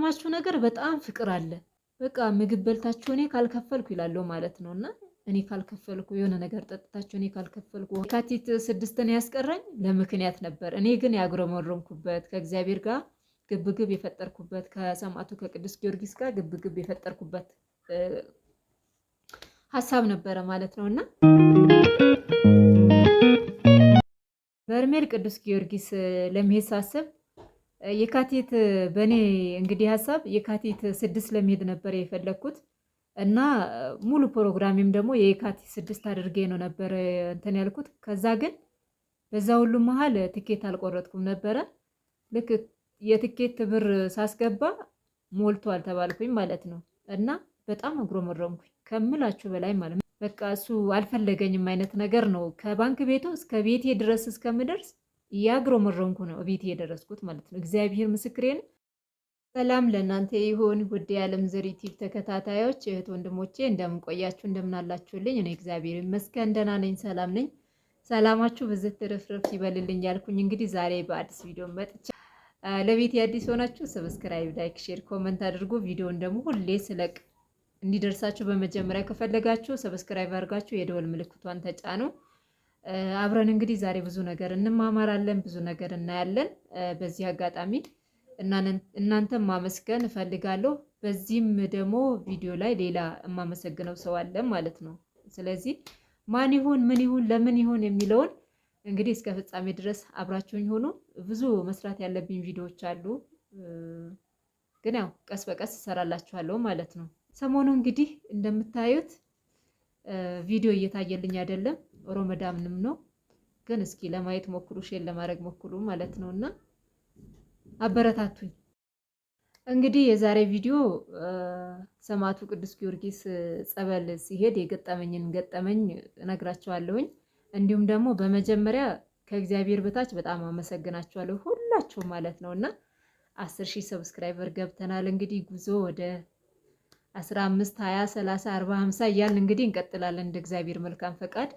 የሚገርማችሁ ነገር በጣም ፍቅር አለ። በቃ ምግብ በልታችሁ እኔ ካልከፈልኩ ይላለው ማለት ነው። እና እኔ ካልከፈልኩ የሆነ ነገር ጠጥታችሁ እኔ ካልከፈልኩ የካቲት ስድስትን ያስቀረኝ ለምክንያት ነበር። እኔ ግን ያጉረመረምኩበት ከእግዚአብሔር ጋር ግብግብ የፈጠርኩበት ከሰማዕቱ ከቅዱስ ጊዮርጊስ ጋር ግብግብ የፈጠርኩበት ሀሳብ ነበረ ማለት ነው እና በርሜል ቅዱስ ጊዮርጊስ ለመሄድ ሳስብ የካቲት በእኔ እንግዲህ ሀሳብ የካቲት ስድስት ለመሄድ ነበር የፈለግኩት እና ሙሉ ፕሮግራሜም ደግሞ የካቲት ስድስት አድርጌ ነው ነበር እንትን ያልኩት። ከዛ ግን በዛ ሁሉ መሀል ትኬት አልቆረጥኩም ነበረ። ልክ የትኬት ብር ሳስገባ ሞልቷል ተባልኩኝ ማለት ነው እና በጣም አጉረመረምኩኝ ከምላችሁ በላይ ማለት በቃ እሱ አልፈለገኝም አይነት ነገር ነው። ከባንክ ቤቱ እስከ ቤቴ ድረስ እስከምደርስ እያግረመረምኩ ነው ቤት የደረስኩት ማለት ነው። እግዚአብሔር ምስክሬን። ሰላም ለእናንተ ይሁን ውድ የዓለም ዘር ዩቲዩብ ተከታታዮች እህት ወንድሞቼ፣ እንደምንቆያችሁ እንደምናላችሁልኝ፣ እኔ እግዚአብሔር ይመስገን ደህና ነኝ፣ ሰላም ነኝ። ሰላማችሁ ብዝት ትርፍርፍ ይበልልኝ ያልኩኝ እንግዲህ ዛሬ በአዲስ ቪዲዮ መጥቻ ለቤት የአዲስ ሆናችሁ ሰብስክራይብ፣ ላይክ፣ ሼር፣ ኮመንት አድርጉ። ቪዲዮን ደግሞ ሁሌ ስለቅ እንዲደርሳችሁ በመጀመሪያ ከፈለጋችሁ ሰብስክራይብ አድርጋችሁ የደወል ምልክቷን ተጫኑ። አብረን እንግዲህ ዛሬ ብዙ ነገር እንማማራለን፣ ብዙ ነገር እናያለን። በዚህ አጋጣሚ እናንተን ማመስገን እፈልጋለሁ። በዚህም ደግሞ ቪዲዮ ላይ ሌላ የማመሰግነው ሰው አለ ማለት ነው። ስለዚህ ማን ይሁን ምን ይሁን ለምን ይሁን የሚለውን እንግዲህ እስከ ፍጻሜ ድረስ አብራችሁኝ ሆኖ ብዙ መስራት ያለብኝ ቪዲዮዎች አሉ፣ ግን ያው ቀስ በቀስ እሰራላችኋለሁ ማለት ነው። ሰሞኑ እንግዲህ እንደምታዩት ቪዲዮ እየታየልኝ አይደለም። ሮመዳምንም ነው። ግን እስኪ ለማየት ሞክሩ፣ ሼር ለማድረግ ሞክሩ ማለት ነው እና አበረታቱኝ። እንግዲህ የዛሬ ቪዲዮ ሰማዕቱ ቅዱስ ጊዮርጊስ ጸበል ሲሄድ የገጠመኝን ገጠመኝ እነግራቸዋለሁኝ። እንዲሁም ደግሞ በመጀመሪያ ከእግዚአብሔር በታች በጣም አመሰግናቸዋለሁ ሁላችሁም ማለት ነው እና አስር ሺህ ሰብስክራይበር ገብተናል። እንግዲህ ጉዞ ወደ አስራ አምስት ሀያ ሰላሳ አርባ ሀምሳ እያልን እንግዲህ እንቀጥላለን እንደ እግዚአብሔር መልካም ፈቃድ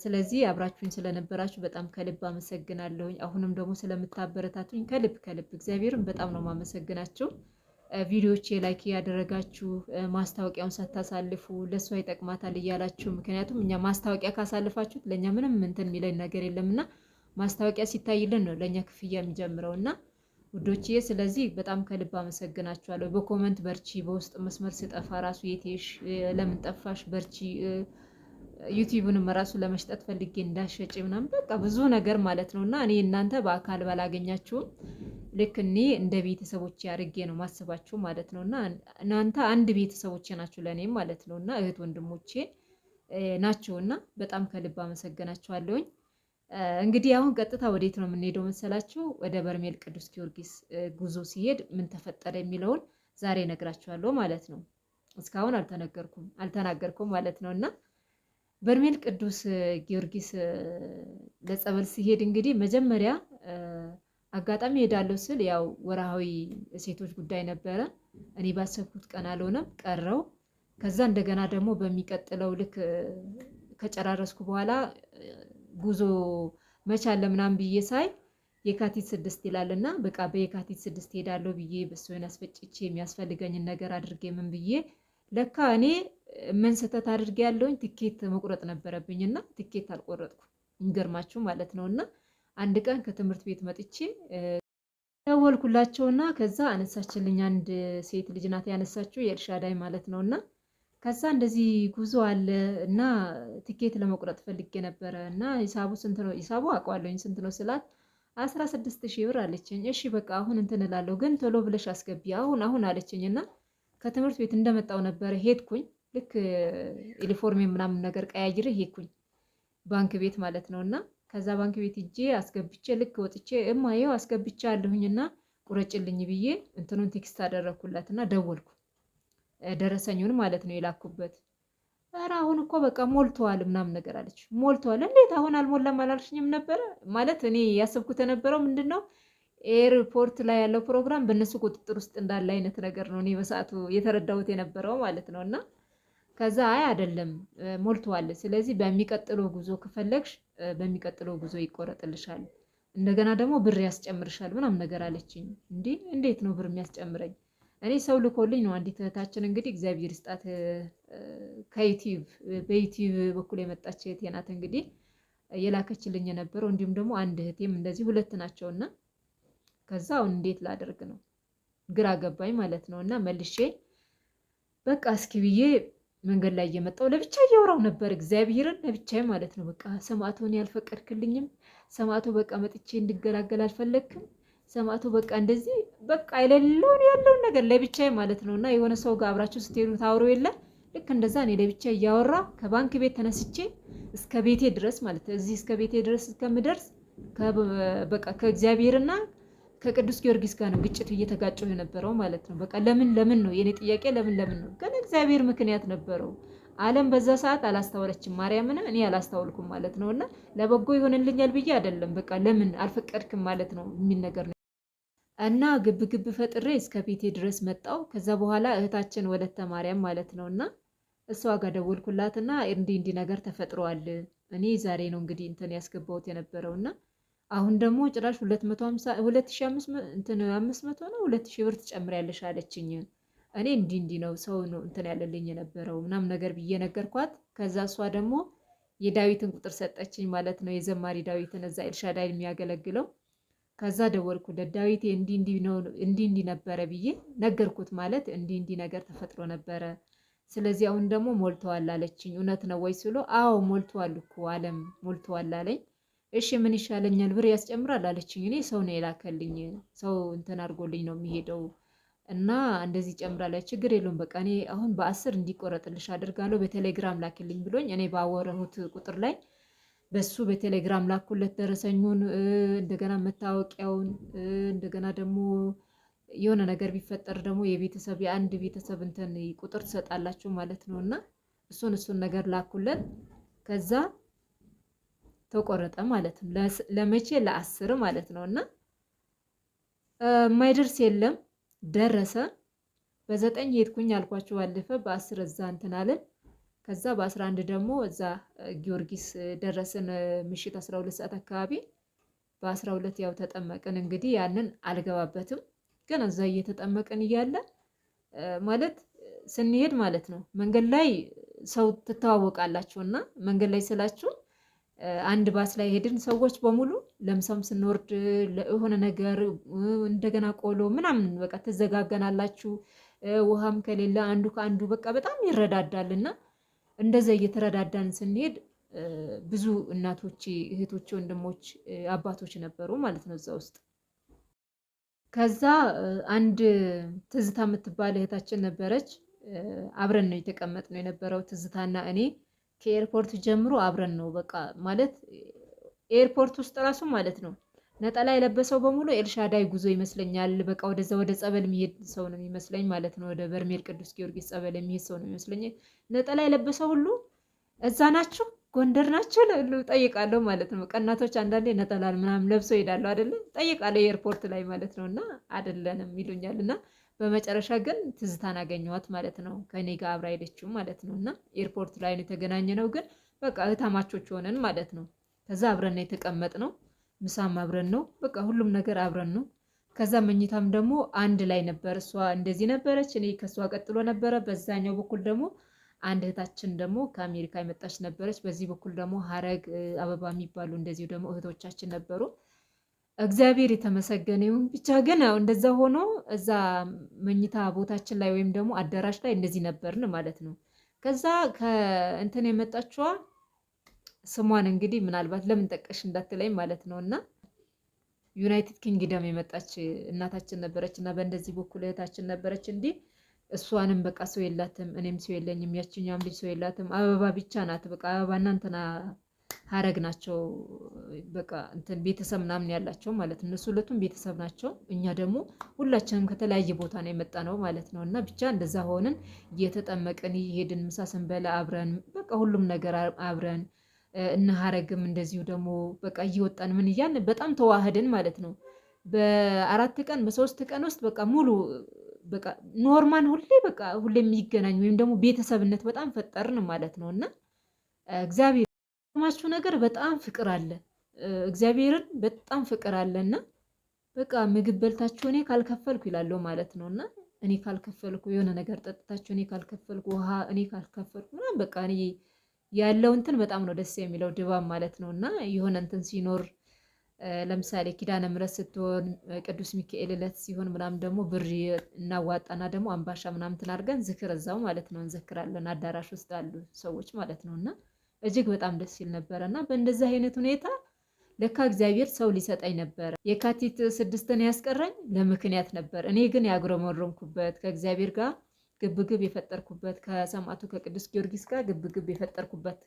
ስለዚህ አብራችሁኝ ስለነበራችሁ በጣም ከልብ አመሰግናለሁኝ። አሁንም ደግሞ ስለምታበረታቱኝ ከልብ ከልብ እግዚአብሔርን በጣም ነው ማመሰግናቸው። ቪዲዮቼ ላይክ እያደረጋችሁ ማስታወቂያውን ሳታሳልፉ ለእሷ ይጠቅማታል እያላችሁ ምክንያቱም እኛ ማስታወቂያ ካሳልፋችሁት ለእኛ ምንም እንትን የሚለኝ ነገር የለምና ማስታወቂያ ሲታይልን ነው ለእኛ ክፍያ የሚጀምረው እና ውዶችዬ፣ ስለዚህ በጣም ከልብ አመሰግናችኋለሁ። በኮመንት በርቺ፣ በውስጥ መስመር ስጠፋ ራሱ የቴሽ ለምን ጠፋሽ በርቺ ዩቲዩብንም ራሱ ለመሽጠት ፈልጌ እንዳሸጭ ምናምን በቃ ብዙ ነገር ማለት ነው። እና እኔ እናንተ በአካል ባላገኛችሁም ልክ እኔ እንደ ቤተሰቦች ያድርጌ ነው ማስባችሁ ማለት ነው። እና እናንተ አንድ ቤተሰቦች ናችሁ ለእኔም ማለት ነው። እና እህት ወንድሞቼ ናቸው። እና በጣም ከልብ አመሰግናችኋለሁኝ። እንግዲህ አሁን ቀጥታ ወዴት ነው የምንሄደው መሰላችሁ? ወደ በርሜል ቅዱስ ጊዮርጊስ ጉዞ ሲሄድ ምን ተፈጠረ የሚለውን ዛሬ ነግራችኋለሁ ማለት ነው። እስካሁን አልተነገርኩም አልተናገርኩም ማለት ነው እና በርሜል ቅዱስ ጊዮርጊስ ለጸበል ሲሄድ እንግዲህ መጀመሪያ አጋጣሚ ሄዳለሁ ስል ያው ወርሃዊ ሴቶች ጉዳይ ነበረ። እኔ ባሰብኩት ቀን አልሆነም ቀረው። ከዛ እንደገና ደግሞ በሚቀጥለው ልክ ከጨራረስኩ በኋላ ጉዞ መቻለ ምናምን ብዬ ሳይ የካቲት ስድስት ይላል እና በቃ በየካቲት ስድስት ሄዳለሁ ብዬ በእሱን አስፈጭቼ የሚያስፈልገኝን ነገር አድርጌ ምን ብዬ ለካ እኔ ምን ስህተት አድርጌ ያለውኝ ትኬት መቁረጥ ነበረብኝ እና ትኬት አልቆረጥኩ የሚገርማችሁ ማለት ነው። እና አንድ ቀን ከትምህርት ቤት መጥቼ ደወልኩላቸውና ከዛ አነሳችልኝ። አንድ ሴት ልጅ ናት ያነሳችው የኤልሻዳይ ማለት ነው። እና ከዛ እንደዚህ ጉዞ አለ እና ትኬት ለመቁረጥ ፈልጌ ነበረ እና ሂሳቡ ስንት ነው? ሂሳቡ አውቀዋለሁኝ ስንት ነው ስላት አስራ ስድስት ሺህ ብር አለችኝ። እሺ በቃ አሁን እንትን እላለሁ ግን ቶሎ ብለሽ አስገቢ አሁን አሁን አለችኝ እና ከትምህርት ቤት እንደመጣው ነበረ ሄድኩኝ ልክ ዩኒፎርሜ ምናምን ነገር ቀያይሬ ሄኩኝ ባንክ ቤት ማለት ነው። እና ከዛ ባንክ ቤት ሂጄ አስገብቼ ልክ ወጥቼ እማየው አስገብቼ እና ቁረጭልኝ ብዬ እንትኑን ቴክስት አደረግኩላት እና ደወልኩ ደረሰኝን ማለት ነው የላኩበት ኧረ አሁን እኮ በቃ ሞልተዋል ምናምን ነገር አለች። ሞልተዋል እንዴት አሁን አልሞላም አላልሽኝም ነበረ? ማለት እኔ ያሰብኩት የነበረው ምንድን ነው ኤርፖርት ላይ ያለው ፕሮግራም በእነሱ ቁጥጥር ውስጥ እንዳለ አይነት ነገር ነው እኔ በሰዓቱ የተረዳሁት የነበረው ማለት ነው እና ከዛ አይ አይደለም ሞልቷል፣ ስለዚህ በሚቀጥለው ጉዞ ከፈለግሽ በሚቀጥለው ጉዞ ይቆረጥልሻል፣ እንደገና ደግሞ ብር ያስጨምርሻል ምናምን ነገር አለችኝ። እንዴ እንዴት ነው ብር የሚያስጨምረኝ? እኔ ሰው ልኮልኝ ነው። አንዲት እህታችን እንግዲህ እግዚአብሔር ይስጣት ከዩቲዩብ በዩቲዩብ በኩል የመጣች እህቴ ናት እንግዲህ የላከችልኝ የነበረው እንዲሁም ደግሞ አንድ እህቴም እንደዚህ ሁለት ናቸው። እና ከዛ አሁን እንዴት ላደርግ ነው ግራ ገባኝ ማለት ነው። እና መልሼ በቃ እስኪ ብዬ መንገድ ላይ እየመጣው ለብቻ እያወራው ነበር። እግዚአብሔርን ለብቻ ማለት ነው። በቃ ሰማቶን እኔ አልፈቀድክልኝም። በቃ መጥቼ እንድገላገል አልፈለግክም። ሰማዕቶ በቃ እንደዚህ በቃ የሌለውን ያለውን ነገር ለብቻ ማለት ነው። እና የሆነ ሰው ጋር አብራችሁ ስትሄዱ ታውሮ የለ ልክ እንደዛ እኔ ለብቻ እያወራ ከባንክ ቤት ተነስቼ እስከ ቤቴ ድረስ ማለት እዚህ እስከ ቤቴ ድረስ እስከምደርስ በቃ ከእግዚአብሔርና ከቅዱስ ጊዮርጊስ ጋር ነው ግጭቱ እየተጋጨው የነበረው ማለት ነው። በቃ ለምን ለምን ነው የኔ ጥያቄ፣ ለምን ለምን ነው ግን እግዚአብሔር ምክንያት ነበረው። ዓለም በዛ ሰዓት አላስተዋለችም ማርያምን፣ እኔ አላስተዋልኩም ማለት ነው። እና ለበጎ ይሆንልኛል ብዬ አይደለም በቃ ለምን አልፈቀድክም ማለት ነው የሚል ነገር ነው። እና ግብ ግብ ፈጥሬ እስከ ቤቴ ድረስ መጣው። ከዛ በኋላ እህታችን ወለተ ማርያም ማለት ነው እና እሷ ጋር ደወልኩላትና እንዲህ እንዲህ ነገር ተፈጥሯል፣ እኔ ዛሬ ነው እንግዲህ እንትን ያስገባሁት የነበረውና አሁን ደግሞ ጭራሽ 2500 ነው 2000 ብር ትጨምሪያለሽ አለችኝ። እኔ እንዲህ እንዲህ ነው ሰው ነው እንትን ያለልኝ የነበረው ምናምን ነገር ብዬ ነገርኳት። ከዛ እሷ ደግሞ የዳዊትን ቁጥር ሰጠችኝ ማለት ነው፣ የዘማሪ ዳዊትን እዛ ኤልሻዳይ የሚያገለግለው። ከዛ ደወልኩለት ዳዊት እንዲህ እንዲህ ነበረ ብዬ ነገርኩት። ማለት እንዲህ እንዲህ ነገር ተፈጥሮ ነበረ፣ ስለዚህ አሁን ደግሞ ሞልተዋል አለችኝ። እውነት ነው ወይ ስሎ አዎ ሞልተዋል እኮ አለም ሞልተዋል አለኝ። እሺ ምን ይሻለኛል? ብር ያስጨምራል አለችኝ። እኔ ሰው ነው የላከልኝ፣ ሰው እንትን አድርጎልኝ ነው የሚሄደው እና እንደዚህ ጨምራለች። ችግር የለውም በቃ እኔ አሁን በአስር እንዲቆረጥልሽ አድርጋለሁ በቴሌግራም ላክልኝ ብሎኝ እኔ ባወረሁት ቁጥር ላይ በሱ በቴሌግራም ላኩለት ደረሰኙን፣ እንደገና መታወቂያውን፣ እንደገና ደግሞ የሆነ ነገር ቢፈጠር ደግሞ የቤተሰብ የአንድ ቤተሰብ እንትን ቁጥር ትሰጣላችሁ ማለት ነው እና እሱን እሱን ነገር ላኩለት ከዛ ተቆረጠ ማለት ነው። ለመቼ ለአስር ማለት ነው እና የማይደርስ የለም ደረሰ በዘጠኝ ሄድኩኝ አልኳቸው ባለፈ በአስር እዛ እንትን አለን ከዛ በአስራ አንድ ደግሞ እዛ ጊዮርጊስ ደረስን ምሽት አስራ ሁለት ሰዓት አካባቢ በአስራ ሁለት ያው ተጠመቅን እንግዲህ ያንን አልገባበትም ግን እዛ እየተጠመቅን እያለ ማለት ስንሄድ ማለት ነው መንገድ ላይ ሰው ትተዋወቃላችሁ እና መንገድ ላይ ስላችሁ አንድ ባስ ላይ ሄድን ሰዎች በሙሉ ለምሳም ስንወርድ የሆነ ነገር እንደገና ቆሎ ምናምን በቃ ትዘጋገናላችሁ። ውሃም ከሌለ አንዱ ከአንዱ በቃ በጣም ይረዳዳል እና እንደዛ እየተረዳዳን ስንሄድ ብዙ እናቶች፣ እህቶች፣ ወንድሞች፣ አባቶች ነበሩ ማለት ነው እዛ ውስጥ። ከዛ አንድ ትዝታ የምትባል እህታችን ነበረች። አብረን ነው የተቀመጥነው የነበረው ትዝታና እኔ ከኤርፖርት ጀምሮ አብረን ነው በቃ ማለት ኤርፖርት ውስጥ ራሱ ማለት ነው ነጠላ የለበሰው በሙሉ ኤልሻዳይ ጉዞ ይመስለኛል። በቃ ወደዛ ወደ ጸበል የሚሄድ ሰው ነው የሚመስለኝ ማለት ነው። ወደ በርሜል ቅዱስ ጊዮርጊስ ጸበል የሚሄድ ሰው ነው የሚመስለኝ። ነጠላ የለበሰው ሁሉ እዛ ናቸው ጎንደር ናቸው ሉ ጠይቃለሁ ማለት ነው። ቀናቶች አንዳንዴ ነጠላል ምናምን ለብሰው ይሄዳሉ አይደለ? ጠይቃለሁ ኤርፖርት ላይ ማለት ነው። እና አይደለንም ይሉኛል እና በመጨረሻ ግን ትዝታን አገኘዋት ማለት ነው። ከኔ ጋር አብራ ሄደችው ማለት ነው። እና ኤርፖርት ላይ የተገናኘ ነው። ግን በቃ እህታማቾች ሆነን ማለት ነው። ከዛ አብረን የተቀመጥ ነው። ምሳም አብረን ነው። በቃ ሁሉም ነገር አብረን ነው። ከዛ መኝታም ደግሞ አንድ ላይ ነበር። እሷ እንደዚህ ነበረች፣ እኔ ከእሷ ቀጥሎ ነበረ። በዛኛው በኩል ደግሞ አንድ እህታችን ደግሞ ከአሜሪካ የመጣች ነበረች። በዚህ በኩል ደግሞ ሀረግ አበባ የሚባሉ እንደዚሁ ደግሞ እህቶቻችን ነበሩ። እግዚአብሔር የተመሰገነ ይሁን። ብቻ ግን እንደዛ ሆኖ እዛ መኝታ ቦታችን ላይ ወይም ደግሞ አዳራሽ ላይ እንደዚህ ነበርን ማለት ነው። ከዛ ከእንትን የመጣችዋ ስሟን እንግዲህ ምናልባት ለምን ጠቀሽ እንዳትለኝ ማለት ነው እና ዩናይትድ ኪንግደም የመጣች እናታችን ነበረች እና በእንደዚህ በኩል እህታችን ነበረች። እንዲህ እሷንም በቃ ሰው የላትም፣ እኔም ሰው የለኝም፣ ያችኛም ልጅ ሰው የላትም። አበባ ብቻ ናት በቃ አበባ እናንተና ሀረግ ናቸው። በቃ እንትን ቤተሰብ ምናምን ያላቸው ማለት እነሱ ሁለቱም ቤተሰብ ናቸው። እኛ ደግሞ ሁላችንም ከተለያየ ቦታ ነው የመጣ ነው ማለት ነው። እና ብቻ እንደዛ ሆንን እየተጠመቅን እየሄድን ምሳ ስንበላ አብረን በቃ ሁሉም ነገር አብረን እነ ሀረግም እንደዚሁ ደግሞ በቃ እየወጣን ምን እያልን በጣም ተዋህድን ማለት ነው። በአራት ቀን በሶስት ቀን ውስጥ በቃ ሙሉ በቃ ኖርማን ሁሌ በቃ ሁሌ የሚገናኝ ወይም ደግሞ ቤተሰብነት በጣም ፈጠርን ማለት ነው እና እግዚአብሔር ማችሁ ነገር በጣም ፍቅር አለ፣ እግዚአብሔርን በጣም ፍቅር አለ እና በቃ ምግብ በልታችሁ እኔ ካልከፈልኩ ይላለው ማለት ነው እና እኔ ካልከፈልኩ የሆነ ነገር ጠጥታችሁ እኔ ካልከፈልኩ ውሃ እኔ ካልከፈልኩ ምናምን በቃ እኔ ያለው እንትን በጣም ነው ደስ የሚለው ድባብ ማለት ነው እና የሆነ እንትን ሲኖር ለምሳሌ ኪዳነ ምሕረት ስትሆን ቅዱስ ሚካኤል ዕለት ሲሆን ምናምን ደግሞ ብር እናዋጣና ደግሞ አምባሻ ምናምን አድርገን ዝክር እዛው ማለት ነው እንዘክራለን። አዳራሽ ውስጥ ያሉ ሰዎች ማለት ነው እና እጅግ በጣም ደስ ይል ነበረ እና በእንደዚህ አይነት ሁኔታ ለካ እግዚአብሔር ሰው ሊሰጠኝ ነበረ። የካቲት ስድስትን ያስቀረኝ ለምክንያት ነበር። እኔ ግን ያጉረመረምኩበት ከእግዚአብሔር ጋር ግብግብ የፈጠርኩበት ከሰማዕቱ ከቅዱስ ጊዮርጊስ ጋር ግብግብ የፈጠርኩበት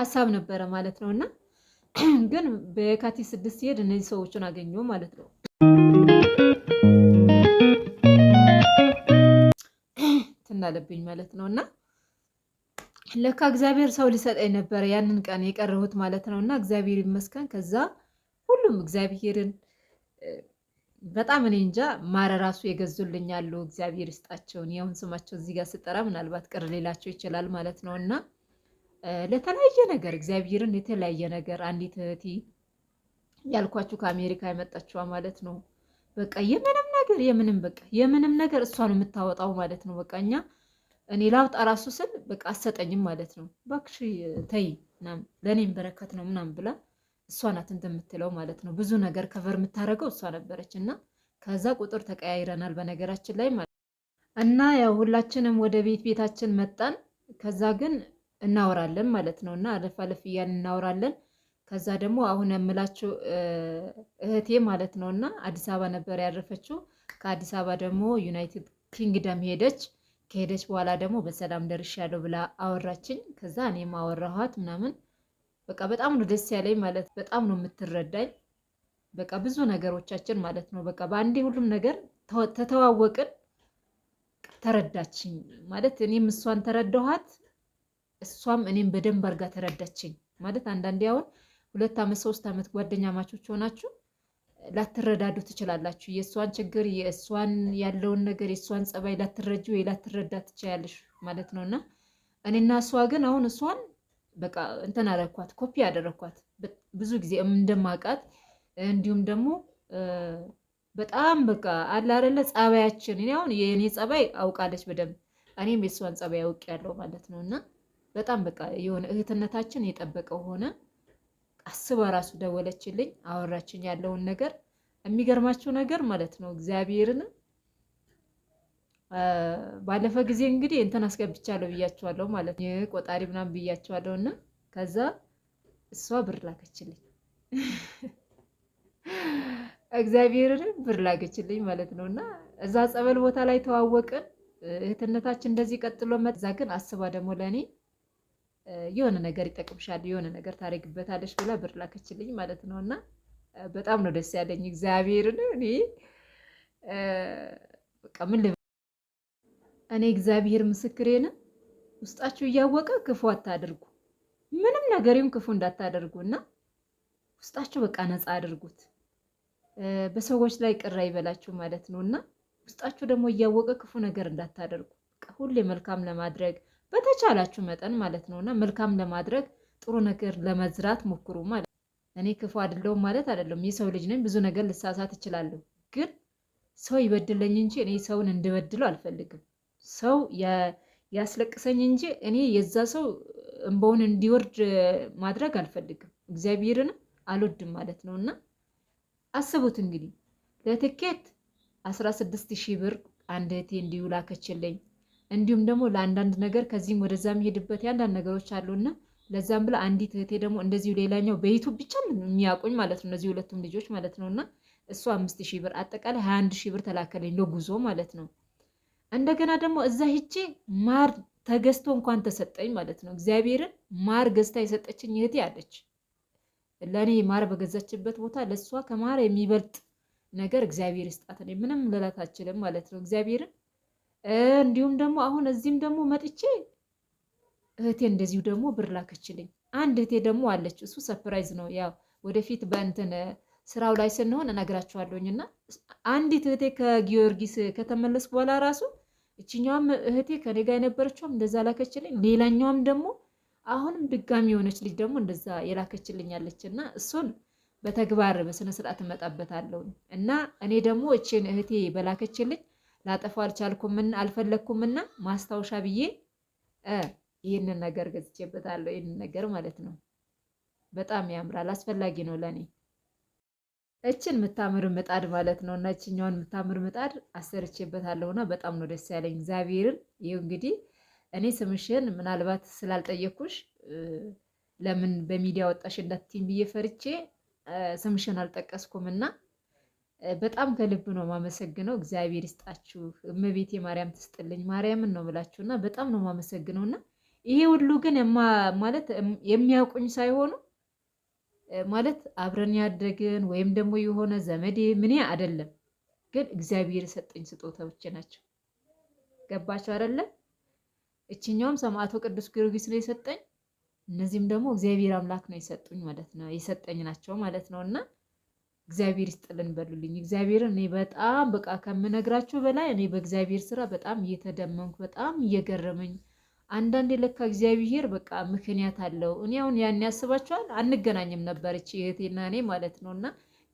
ሀሳብ ነበረ ማለት ነው እና ግን በየካቲት ስድስት ሲሄድ እነዚህ ሰዎችን አገኘው ማለት ነው። ትናለብኝ ማለት ነው እና ለካ እግዚአብሔር ሰው ሊሰጠኝ ነበረ ያንን ቀን የቀረሁት ማለት ነው። እና እግዚአብሔር ይመስገን። ከዛ ሁሉም እግዚአብሔርን በጣም እኔ እንጃ ማረ ራሱ የገዙልኝ አሉ። እግዚአብሔር ይስጣቸውን። ያሁን ስማቸው እዚህ ጋር ስጠራ ምናልባት ቅር ሌላቸው ይችላል ማለት ነው። እና ለተለያየ ነገር እግዚአብሔርን የተለያየ ነገር አንዲት እህቲ ያልኳችሁ ከአሜሪካ የመጣችዋ ማለት ነው። በቃ የምንም ነገር የምንም በቃ የምንም ነገር እሷ ነው የምታወጣው ማለት ነው። በቃ እኛ እኔ ላውጣ ራሱ ስል በቃ አሰጠኝም ማለት ነው። እባክሽ ተይ ለእኔም በረከት ነው ምናምን ብላ እሷ ናት እንደምትለው ማለት ነው። ብዙ ነገር ከቨር የምታደርገው እሷ ነበረች እና ከዛ ቁጥር ተቀያይረናል በነገራችን ላይ ማለት እና ያው ሁላችንም ወደ ቤት ቤታችን መጣን። ከዛ ግን እናወራለን ማለት ነው እና አለፍ አለፍ እያልን እናወራለን። ከዛ ደግሞ አሁን የምላችው እህቴ ማለት ነው እና አዲስ አበባ ነበር ያረፈችው። ከአዲስ አበባ ደግሞ ዩናይትድ ኪንግደም ሄደች። ከሄደች በኋላ ደግሞ በሰላም ደርሻለሁ ብላ አወራችኝ። ከዛ እኔም አወራኋት ምናምን በቃ በጣም ነው ደስ ያለኝ ማለት በጣም ነው የምትረዳኝ። በቃ ብዙ ነገሮቻችን ማለት ነው በቃ በአንዴ ሁሉም ነገር ተተዋወቅን፣ ተረዳችኝ ማለት እኔም እሷን ተረዳኋት፣ እሷም እኔም በደንብ አርጋ ተረዳችኝ ማለት አንዳንዴ አሁን ሁለት ዓመት ሶስት ዓመት ጓደኛ ማቾች ሆናችሁ ላትረዳዱ ትችላላችሁ። የእሷን ችግር የእሷን ያለውን ነገር የእሷን ጸባይ ላትረጁ ወይ ላትረዳ ትችላለሽ ማለት ነው እና እኔና እሷ ግን አሁን እሷን በቃ እንትን አደረኳት፣ ኮፒ አደረኳት ብዙ ጊዜ እንደማውቃት እንዲሁም ደግሞ በጣም በቃ አለ አይደለ ጸባያችን። እኔ አሁን የእኔ ጸባይ አውቃለች በደንብ እኔም የእሷን ጸባይ አውቅ ያለው ማለት ነው እና በጣም በቃ የሆነ እህትነታችን የጠበቀው ሆነ። አስባ ራሱ ደወለችልኝ፣ አወራችኝ ያለውን ነገር። የሚገርማችሁ ነገር ማለት ነው እግዚአብሔርን ባለፈ ጊዜ እንግዲህ እንትን አስገብቻለሁ ብያቸዋለሁ ማለት ነው ቆጣሪ ምናምን ብያቸዋለሁ። እና ከዛ እሷ ብር ላከችልኝ እግዚአብሔርን ብር ላገችልኝ ማለት ነው። እና እዛ ጸበል ቦታ ላይ ተዋወቅን። እህትነታችን እንደዚህ ቀጥሎ መዛ ግን አስባ ደግሞ ለእኔ የሆነ ነገር ይጠቅምሻል፣ የሆነ ነገር ታደርግበታለሽ ብላ ብር ላከችልኝ ማለት ነው። እና በጣም ነው ደስ ያለኝ እግዚአብሔርን እኔ በቃ ምን እኔ እግዚአብሔር ምስክሬን ውስጣችሁ እያወቀ ክፉ አታደርጉ ምንም ነገሪም ክፉ እንዳታደርጉ እና ውስጣችሁ በቃ ነፃ አድርጉት። በሰዎች ላይ ቅር አይበላችሁ ማለት ነው እና ውስጣችሁ ደግሞ እያወቀ ክፉ ነገር እንዳታደርጉ፣ ሁሌ መልካም ለማድረግ በተቻላችሁ መጠን ማለት ነው እና መልካም ለማድረግ ጥሩ ነገር ለመዝራት ሞክሩ ማለት እኔ ክፉ አይደለሁም ማለት አይደለም። የሰው ልጅ ነኝ፣ ብዙ ነገር ልሳሳት እችላለሁ። ግን ሰው ይበድለኝ እንጂ እኔ ሰውን እንድበድለው አልፈልግም። ሰው ያስለቅሰኝ እንጂ እኔ የዛ ሰው እንበውን እንዲወርድ ማድረግ አልፈልግም። እግዚአብሔርን አልወድም ማለት ነው እና አስቡት እንግዲህ ለትኬት አስራ ሺህ ብር አንድ እህቴ እንዲውላ ከችለኝ እንዲሁም ደግሞ ለአንዳንድ ነገር ከዚህም ወደዛ የሚሄድበት የአንዳንድ ነገሮች አሉና ለዛም ብላ አንዲት እህቴ ደግሞ እንደዚሁ ሌላኛው በይቱ ብቻ የሚያውቁኝ ማለት ነው እነዚህ ሁለቱም ልጆች ማለት ነው እና እሱ አምስት ሺህ ብር አጠቃላይ ሀያ አንድ ሺህ ብር ተላከለኝ ለጉዞ ማለት ነው። እንደገና ደግሞ እዛ ሂቼ ማር ተገዝቶ እንኳን ተሰጠኝ ማለት ነው። እግዚአብሔርን ማር ገዝታ የሰጠችኝ እህቴ አለች። ለእኔ ማር በገዛችበት ቦታ ለእሷ ከማር የሚበልጥ ነገር እግዚአብሔር ይስጣት። እኔ ምንም ልላት አችልም ማለት ነው እግዚአብሔርን እንዲሁም ደግሞ አሁን እዚህም ደግሞ መጥቼ እህቴ እንደዚሁ ደግሞ ብር ላከችልኝ። አንድ እህቴ ደግሞ አለች። እሱ ሰፕራይዝ ነው ያው ወደፊት በእንትን ስራው ላይ ስንሆን እነግራችኋለሁኝ። እና አንዲት እህቴ ከጊዮርጊስ ከተመለስኩ በኋላ ራሱ እችኛዋም እህቴ ከኔ ጋር የነበረችውም እንደዛ ላከችልኝ። ሌላኛዋም ደግሞ አሁንም ድጋሚ የሆነች ልጅ ደግሞ እንደዛ የላከችልኝ አለች እና እሱን በተግባር በስነስርዓት እመጣበታለሁ እና እኔ ደግሞ እችን እህቴ በላከችልኝ ላጠፋው አልቻልኩምና አልፈለግኩምና ማስታወሻ ብዬ ይህንን ነገር ገዝቼበታለሁ። ይህንን ነገር ማለት ነው በጣም ያምራል። አስፈላጊ ነው ለእኔ እችን የምታምር ምጣድ ማለት ነው እና እችኛውን የምታምር ምጣድ አሰርቼበታለሁ እና በጣም ነው ደስ ያለኝ እግዚአብሔርን። ይኸው እንግዲህ እኔ ስምሽን ምናልባት ስላልጠየቅኩሽ ለምን በሚዲያ ወጣሽ እንዳትይኝ ብዬ ፈርቼ ስምሽን አልጠቀስኩም እና በጣም ከልብ ነው ማመሰግነው። እግዚአብሔር ይስጣችሁ። እመቤቴ ማርያም ትስጥልኝ። ማርያምን ነው ምላችሁ እና በጣም ነው የማመሰግነው እና ይሄ ሁሉ ግን ማለት የሚያውቁኝ ሳይሆኑ ማለት አብረን ያደግን ወይም ደግሞ የሆነ ዘመዴ ምን አይደለም፣ ግን እግዚአብሔር የሰጠኝ ስጦታዎች ናቸው። ገባቸው አይደለም? እችኛውም ሰማዕቱ ቅዱስ ጊዮርጊስ ነው የሰጠኝ፣ እነዚህም ደግሞ እግዚአብሔር አምላክ ነው የሰጡኝ ማለት ነው የሰጠኝ ናቸው ማለት ነው እና እግዚአብሔር ይስጥልን በሉልኝ። እግዚአብሔር እኔ በጣም በቃ ከምነግራችሁ በላይ እኔ በእግዚአብሔር ስራ በጣም እየተደመምኩ በጣም እየገረመኝ አንዳንድ ለካ እግዚአብሔር በቃ ምክንያት አለው። እኔ አሁን ያን ያስባቸዋል አንገናኝም ነበረች እህቴና እኔ ማለት ነው። እና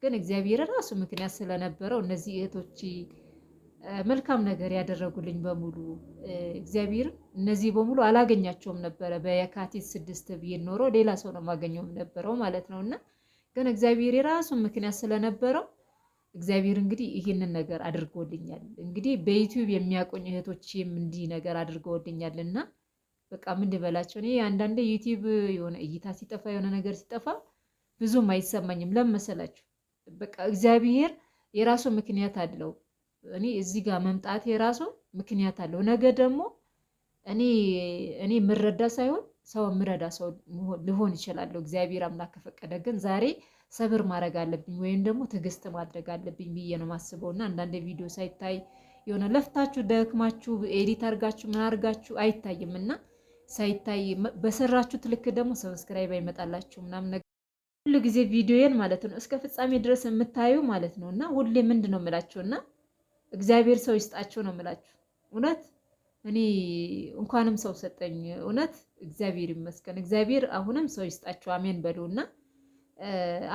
ግን እግዚአብሔር ራሱ ምክንያት ስለነበረው እነዚህ እህቶች መልካም ነገር ያደረጉልኝ በሙሉ እግዚአብሔር እነዚህ በሙሉ አላገኛቸውም ነበረ። በየካቲት ስድስት ብዬ ኖሮ ሌላ ሰው ነው ማገኘውም ነበረው ማለት ነው እና ግን እግዚአብሔር የራሱን ምክንያት ስለነበረው እግዚአብሔር እንግዲህ ይህንን ነገር አድርጎልኛል። እንግዲህ በዩቲዩብ የሚያቆኝ እህቶችም እንዲህ ነገር አድርገውልኛል እና በቃ ምን ልበላቸው እኔ አንዳንዴ ዩቲዩብ የሆነ እይታ ሲጠፋ የሆነ ነገር ሲጠፋ ብዙም አይሰማኝም። ለመሰላችሁ በቃ እግዚአብሔር የራሱ ምክንያት አለው። እኔ እዚህ ጋር መምጣት የራሱ ምክንያት አለው። ነገ ደግሞ እኔ እኔ የምረዳ ሳይሆን ሰው የምረዳ ሰው ልሆን ይችላለሁ። እግዚአብሔር አምላክ ከፈቀደ ግን ዛሬ ሰብር ማድረግ አለብኝ ወይም ደግሞ ትዕግስት ማድረግ አለብኝ ብዬ ነው የማስበው። እና አንዳንድ ቪዲዮ ሳይታይ የሆነ ለፍታችሁ ደክማችሁ ኤዲት አርጋችሁ ምን አርጋችሁ አይታይም እና ሳይታይ በሰራችሁት ልክ ደግሞ ሰብስክራይብ አይመጣላችሁ ምናምን ነገር ሁሉ ጊዜ ቪዲዮዬን ማለት ነው እስከ ፍጻሜ ድረስ የምታዩ ማለት ነው። እና ሁሌ ምንድን ነው የምላችሁ እና እግዚአብሔር ሰው ይስጣቸው ነው የምላችሁ። እውነት እኔ እንኳንም ሰው ሰጠኝ እውነት እግዚአብሔር ይመስገን። እግዚአብሔር አሁንም ሰው ይስጣቸው፣ አሜን በሉ እና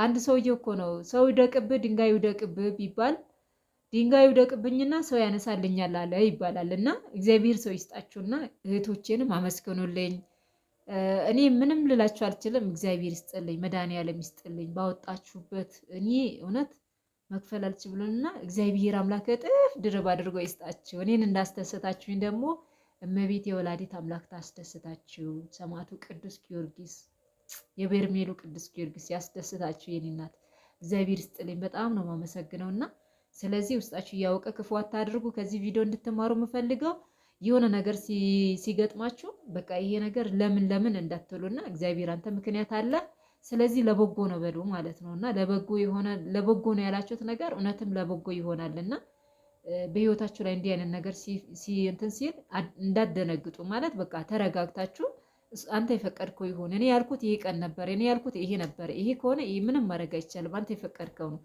አንድ ሰውዬ እኮ ነው ሰው ይደቅብህ ድንጋይ ይውደቅብህ ቢባል ድንጋይ ይውደቅብኝና ሰው ያነሳልኛል አለ ይባላል። እና እግዚአብሔር ሰው ይስጣችሁና እህቶቼንም አመስግኑልኝ። እኔ ምንም ልላችሁ አልችልም። እግዚአብሔር ይስጥልኝ፣ መድኃኒዓለም ይስጥልኝ። ባወጣችሁበት እኔ እውነት መክፈል አልችልምና እግዚአብሔር አምላክ እጥፍ ድርብ አድርጎ ይስጣችሁ። እኔን እንዳስተሰታችሁኝ ደግሞ እመቤት የወላዲት አምላክ ታስደስታችሁ። ሰማዕቱ ቅዱስ ጊዮርጊስ የበርሜሉ ቅዱስ ጊዮርጊስ ያስደስታችሁ የኔ እናት፣ እግዚአብሔር ይስጥልኝ። በጣም ነው የማመሰግነው እና ስለዚህ ውስጣችሁ እያወቀ ክፉ አታድርጉ። ከዚህ ቪዲዮ እንድትማሩ የምፈልገው የሆነ ነገር ሲገጥማችሁ በቃ ይሄ ነገር ለምን ለምን እንዳትሉና እግዚአብሔር አንተ ምክንያት አለ ስለዚህ ለበጎ ነው በሉ ማለት ነው እና ለበጎ የሆነ ለበጎ ነው ያላችሁት ነገር እውነትም ለበጎ ይሆናልና በህይወታችሁ ላይ እንዲህ አይነት ነገር እንትን ሲል እንዳደነግጡ ማለት በቃ ተረጋግታችሁ አንተ የፈቀድከው ይሁን፣ እኔ ያልኩት ይሄ ቀን ነበር፣ እኔ ያልኩት ይሄ ነበር፣ ይሄ ከሆነ ይሄ ምንም ማድረግ አይቻልም፣ አንተ የፈቀድከው ነው።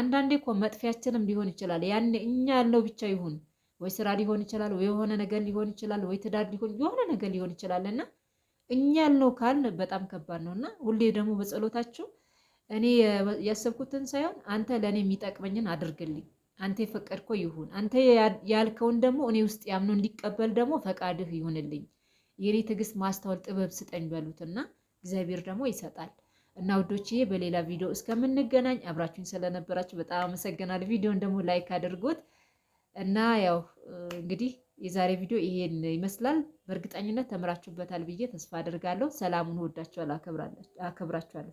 አንዳንዴ እኮ መጥፊያችንም ሊሆን ይችላል። ያን እኛ ያለው ብቻ ይሁን ወይ ስራ ሊሆን ይችላል፣ ወይ የሆነ ነገር ሊሆን ይችላል፣ ወይ ትዳር ሊሆን የሆነ ነገር ሊሆን ይችላል እና እኛ ያለው ካል በጣም ከባድ ነው እና ሁሌ ደግሞ በጸሎታችሁ እኔ ያሰብኩትን ሳይሆን አንተ ለእኔ የሚጠቅመኝን አድርግልኝ አንተ የፈቀድከው ይሁን፣ አንተ ያልከውን ደግሞ እኔ ውስጥ ያምኖ እንዲቀበል ደግሞ ፈቃድህ ይሁንልኝ። የኔ ትዕግስት፣ ማስተዋል፣ ጥበብ ስጠኝ በሉትና እግዚአብሔር ደግሞ ይሰጣል። እና ውዶችዬ በሌላ ቪዲዮ እስከምንገናኝ አብራችሁኝ ስለነበራችሁ በጣም አመሰግናለሁ። ቪዲዮን ደግሞ ላይክ አድርጎት እና ያው እንግዲህ የዛሬ ቪዲዮ ይሄን ይመስላል። በእርግጠኝነት ተምራችሁበታል ብዬ ተስፋ አድርጋለሁ። ሰላሙን ወዳችኋል፣ አከብራችኋለሁ።